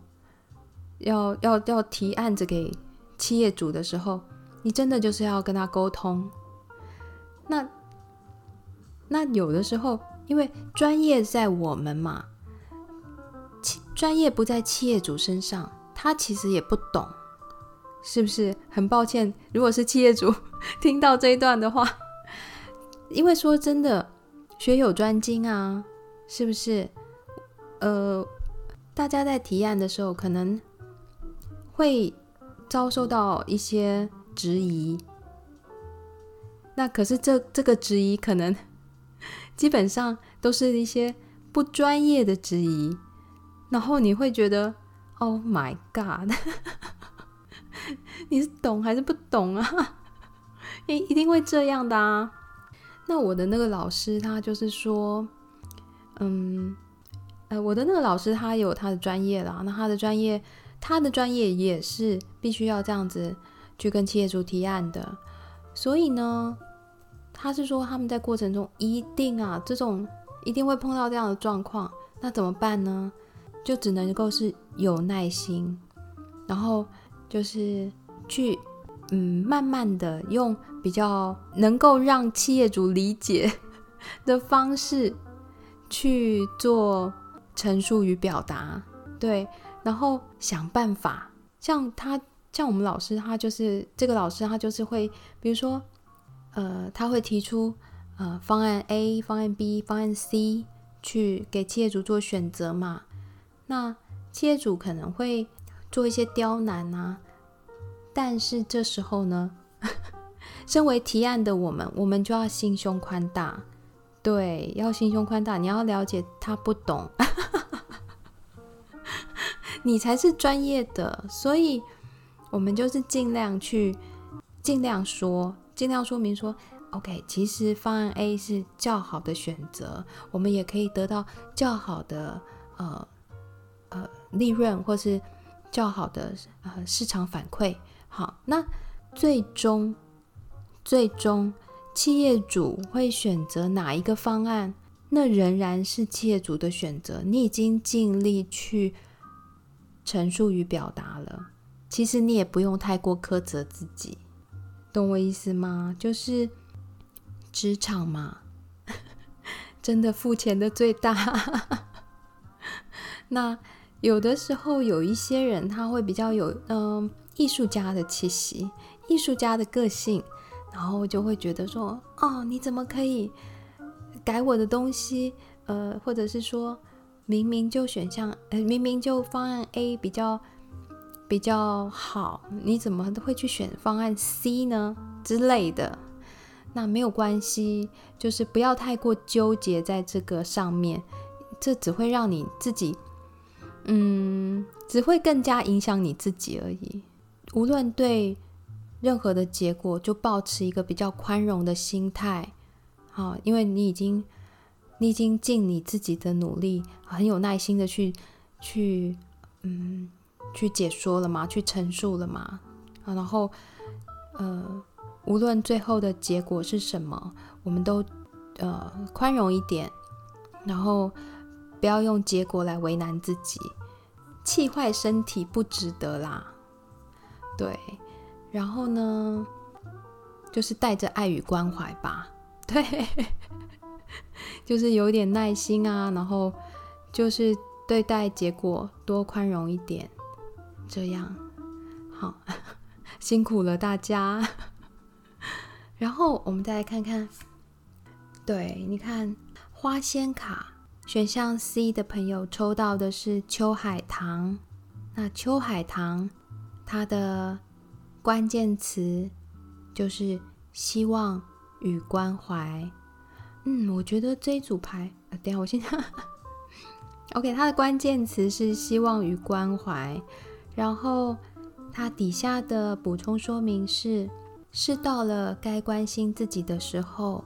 要要要提案子給企業主的時候，你真的就是要跟他溝通。那那有的時候，因為專業在我們嘛，專專業不在企業主身上，他其實也不懂，是不是？很抱歉，如果是企業主聽到這一段的話，因為說真的，學有專精啊。是不是？呃，大家在提案的時候，可能會遭受到一些質疑。那可是這這個質疑，可能基本上都是一些不專業的質疑，然後你會覺得 “Oh my God”， [laughs] 你是懂還是不懂啊？一一定會這樣的啊。那我的那個老師，他就是說。嗯、呃，我的那個老師他有他的專業啦，那他的專業，他的專業也是必須要這樣子去跟企業主提案的，所以呢，他是說他們在過程中一定啊，這種一定會碰到這樣的狀況，那怎麼辦呢？就只能夠是有耐心，然後就是去嗯，慢慢的用比較能夠讓企業主理解的方式。去做陳述與表達，對，然後想辦法。像他，像我們老師，他就是這個老師，他就是會，比如說，呃，他會提出呃方案 A、方案 B、方案 C 去給企業主做選擇嘛。那企業主可能會做一些刁難啊，但是這時候呢，呵呵身為提案的我們，我們就要心胸寬大。對，要心胸寬大，你要了解他不懂， [laughs] 你才是專業的。所以，我們就是盡量去，盡量說，盡量說明說，OK，其實方案 A 是較好的選擇，我們也可以得到較好的呃呃利潤，或是較好的呃市場反饋。好，那最終，最終。企業主會選擇哪一個方案？那仍然是企業主的選擇。你已經盡力去陳述與表達了，其實你也不用太過苛責自己，懂我意思嗎？就是職場嘛， [laughs] 真的付錢的最大 [laughs] 那。那有的時候有一些人他會比較有嗯、呃、藝術家的氣息，藝術家的個性。然後我就會覺得說，哦，你怎麼可以改我的東西？呃，或者是說，明明就選項，呃，明明就方案 A 比較比較好，你怎麼會去選方案 C 呢？之類的，那沒有關係，就是不要太過糾結在這個上面，這只會讓你自己，嗯，只會更加影響你自己而已，無論對。任何的結果，就保持一個比較寬容的心態，啊，因為你已經，你已經盡你自己的努力，很有耐心的去，去，嗯，去解說了嘛，去陳述了嘛，啊，然後，呃，無論最後的結果是什麼，我們都，呃，寬容一點，然後不要用結果來為難自己，氣壞身體不值得啦，對。然後呢，就是帶着愛與關懷吧，對，就是有點耐心啊，然後就是對待結果多寬容一點，這樣。好，辛苦了大家。然後我們再來看看，對，你看花仙卡選項 C 的朋友抽到的是秋海棠，那秋海棠它的。關鍵詞就是希望與關懷。嗯，我覺得這一組牌，啊、等下我先。 [laughs] OK，它的關鍵詞是希望與關懷，然後它底下的補充說明是：是到了該關心自己的時候，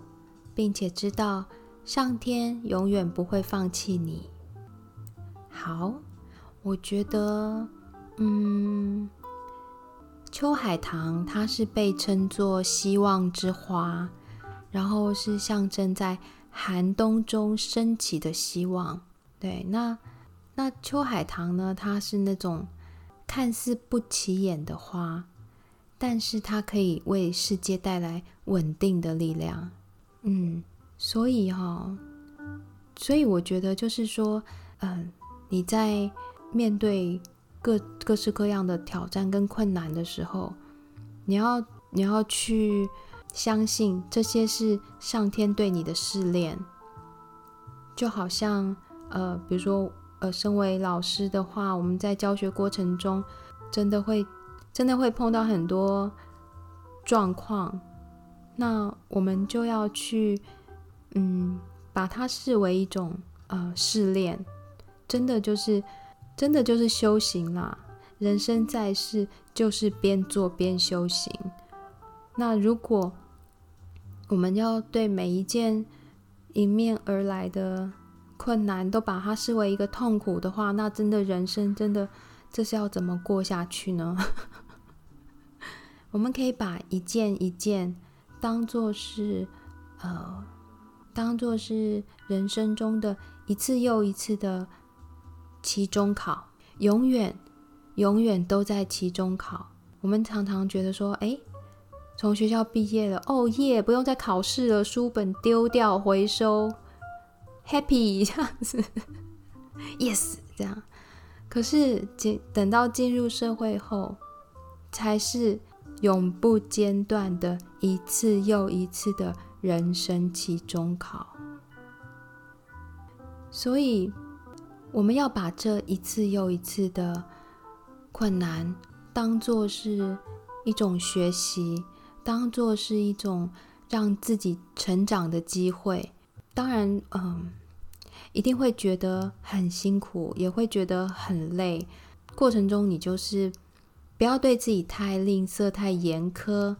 並且知道上天永遠不會放棄你。好，我覺得，嗯。秋海棠，它是被稱作希望之花，然後是象徵在寒冬中升起的希望。對，那那秋海棠呢？它是那種看似不起眼的花，但是它可以為世界帶來穩定的力量。嗯，所以齁，所以我覺得就是說，嗯，你在面對。各各式各樣的挑戰跟困難的時候，你要你要去相信這些是上天對你的試煉，就好像呃，比如說呃，身為老師的話，我們在教學過程中真的會真的會碰到很多狀況，那我們就要去嗯，把它視為一種呃試煉，真的就是。真的就是修行啦！人生在世就是邊做邊修行。那如果我們要對每一件迎面而來的困難都把它視為一個痛苦的話，那真的人生真的這是要怎麼過下去呢？ [laughs] 我們可以把一件一件當做是呃，當做是人生中的一次又一次的。期中考永遠、永遠都在期中考。我們常常覺得說：“哎，從學校畢業了，哦耶，不用再考試了，書本丟掉回收，happy 這樣子，yes，這樣。”可是進等到進入社會後，才是永不間斷的一次又一次的人生期中考。所以。我們要把這一次又一次的困難當做是一種學習，當做是一種讓自己成長的機會。當然，嗯，一定會覺得很辛苦，也會覺得很累。過程中，你就是不要對自己太吝嗇、太嚴苛。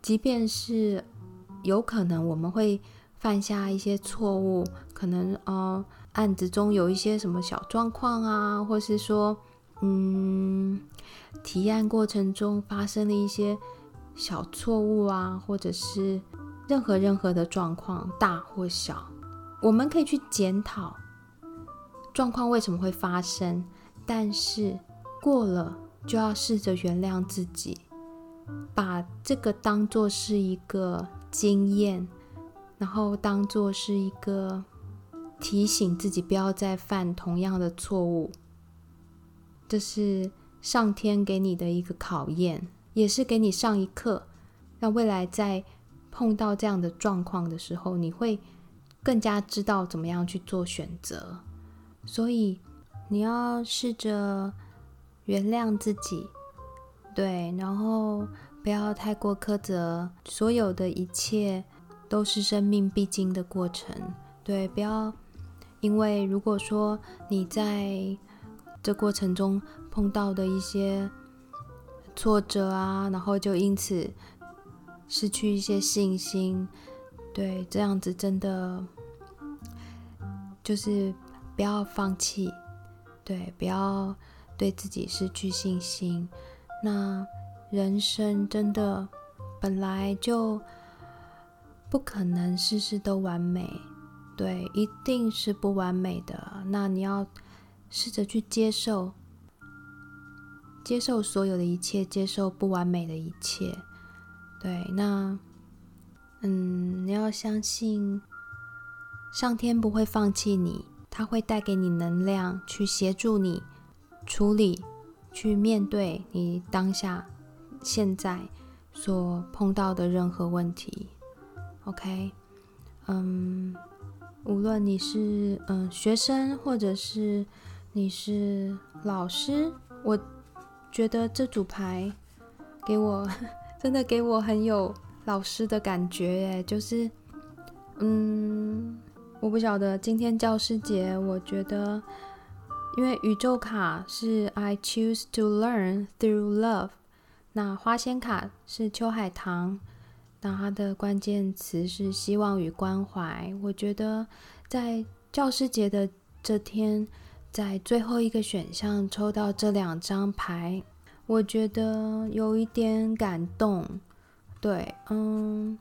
即便是有可能我們會犯下一些錯誤，可能呃。哦案子中有一些什麼小狀況啊，或是說，嗯，提案過程中發生了一些小錯誤啊，或者是任何任何的狀況，大或小，我們可以去檢討狀況為什麼會發生，但是過了就要試着原諒自己，把這個當做是一個經驗，然後當做是一個。提醒自己不要再犯同樣的錯誤，這是上天給你的一個考驗，也是給你上一課，讓未來在碰到這樣的狀況的時候，你會更加知道怎麼樣去做選擇。所以你要試着原諒自己，對，然後不要太過苛責，所有的一切都是生命必經的過程，對，不要。因為如果說你在這過程中碰到的一些挫折啊，然後就因此失去一些信心，對，這樣子真的就是不要放棄，對，不要對自己失去信心，那人生真的本來就不可能事事都完美。對，一定是不完美的。那你要試着去接受，接受所有的一切，接受不完美的一切。對，那嗯，你要相信上天不會放棄你，他會帶給你能量去協助你處理、去面對你當下現在所碰到的任何問題。OK，嗯。無論你是嗯學生，或者是你是老師，我覺得這組牌給我真的給我很有老師的感覺耶。就是嗯，我不曉得今天教師節，我覺得因為宇宙卡是 I choose to learn through love，那花仙卡是秋海棠。那他的關鍵詞是希望與關懷。我覺得在教師節的這天，在最後一個選項抽到這兩張牌，我覺得有一點感動。對，嗯，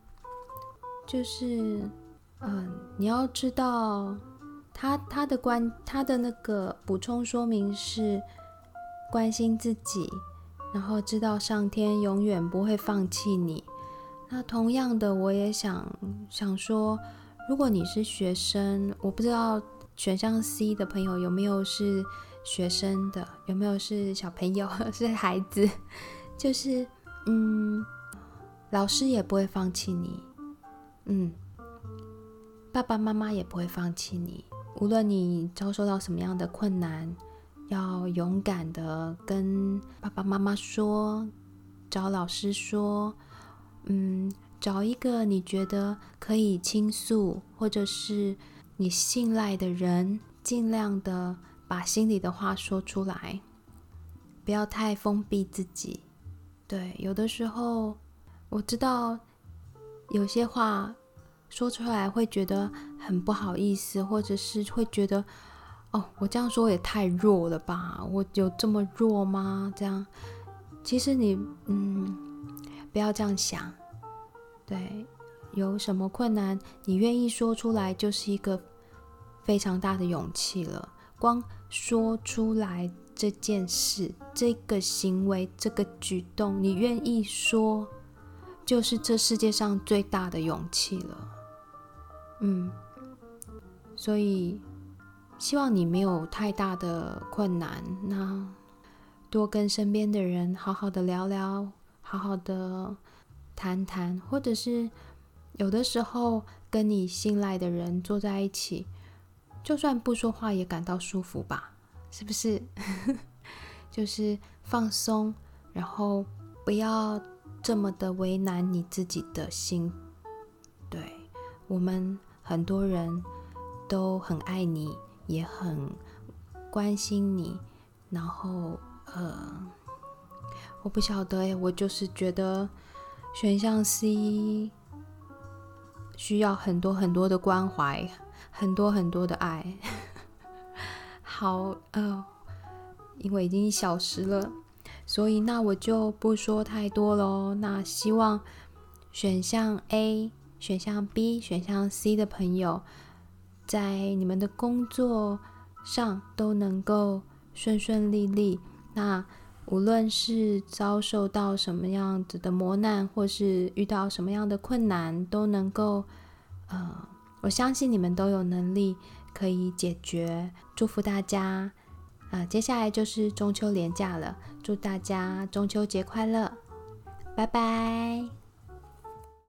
就是，嗯、呃，你要知道他，他他的關他的那個補充說明是關心自己，然後知道上天永遠不會放棄你。那同樣的，我也想想說，如果你是學生，我不知道選項 C 的朋友有沒有是學生的，有沒有是小朋友、是孩子，就是嗯，老師也不會放棄你，嗯，爸爸媽媽也不會放棄你，無論你遭受到什麼樣的困難，要勇敢的跟爸爸媽媽說，找老師說。嗯，找一個你覺得可以傾訴，或者是你信賴的人，盡量的把心裡的話說出來，不要太封閉自己。對，有的時候我知道有些話說出來會覺得很不好意思，或者是會覺得哦，我這樣說也太弱了吧，我有這麼弱嗎？這樣，其實你，嗯。不要這樣想，對，有什麼困難，你願意說出來，就是一個非常大的勇氣了。光說出來這件事、這個行為、這個舉動，你願意說，就是這世界上最大的勇氣了。嗯，所以希望你沒有太大的困難，那多跟身邊的人好好的聊聊。好好的談談，或者是有的時候跟你信賴的人坐在一起，就算不說話也感到舒服吧，是不是？ [laughs] 就是放鬆，然後不要這麼的為難你自己的心。對，我們很多人都很愛你，也很關心你，然後呃。我不曉得哎，我就是覺得選項 C 需要很多很多的關懷，很多很多的愛。 [laughs] 好，呃，因為已經一小時了，所以那我就不說太多嘍。那希望選項 A、選項 B、選項 C 的朋友，在你們的工作上都能夠順順利利。那。無論是遭受到什麼樣子的磨難，或是遇到什麼樣的困難，都能夠，呃，我相信你們都有能力可以解決。祝福大家，啊、呃，接下來就是中秋連假了，祝大家中秋節快樂，拜拜。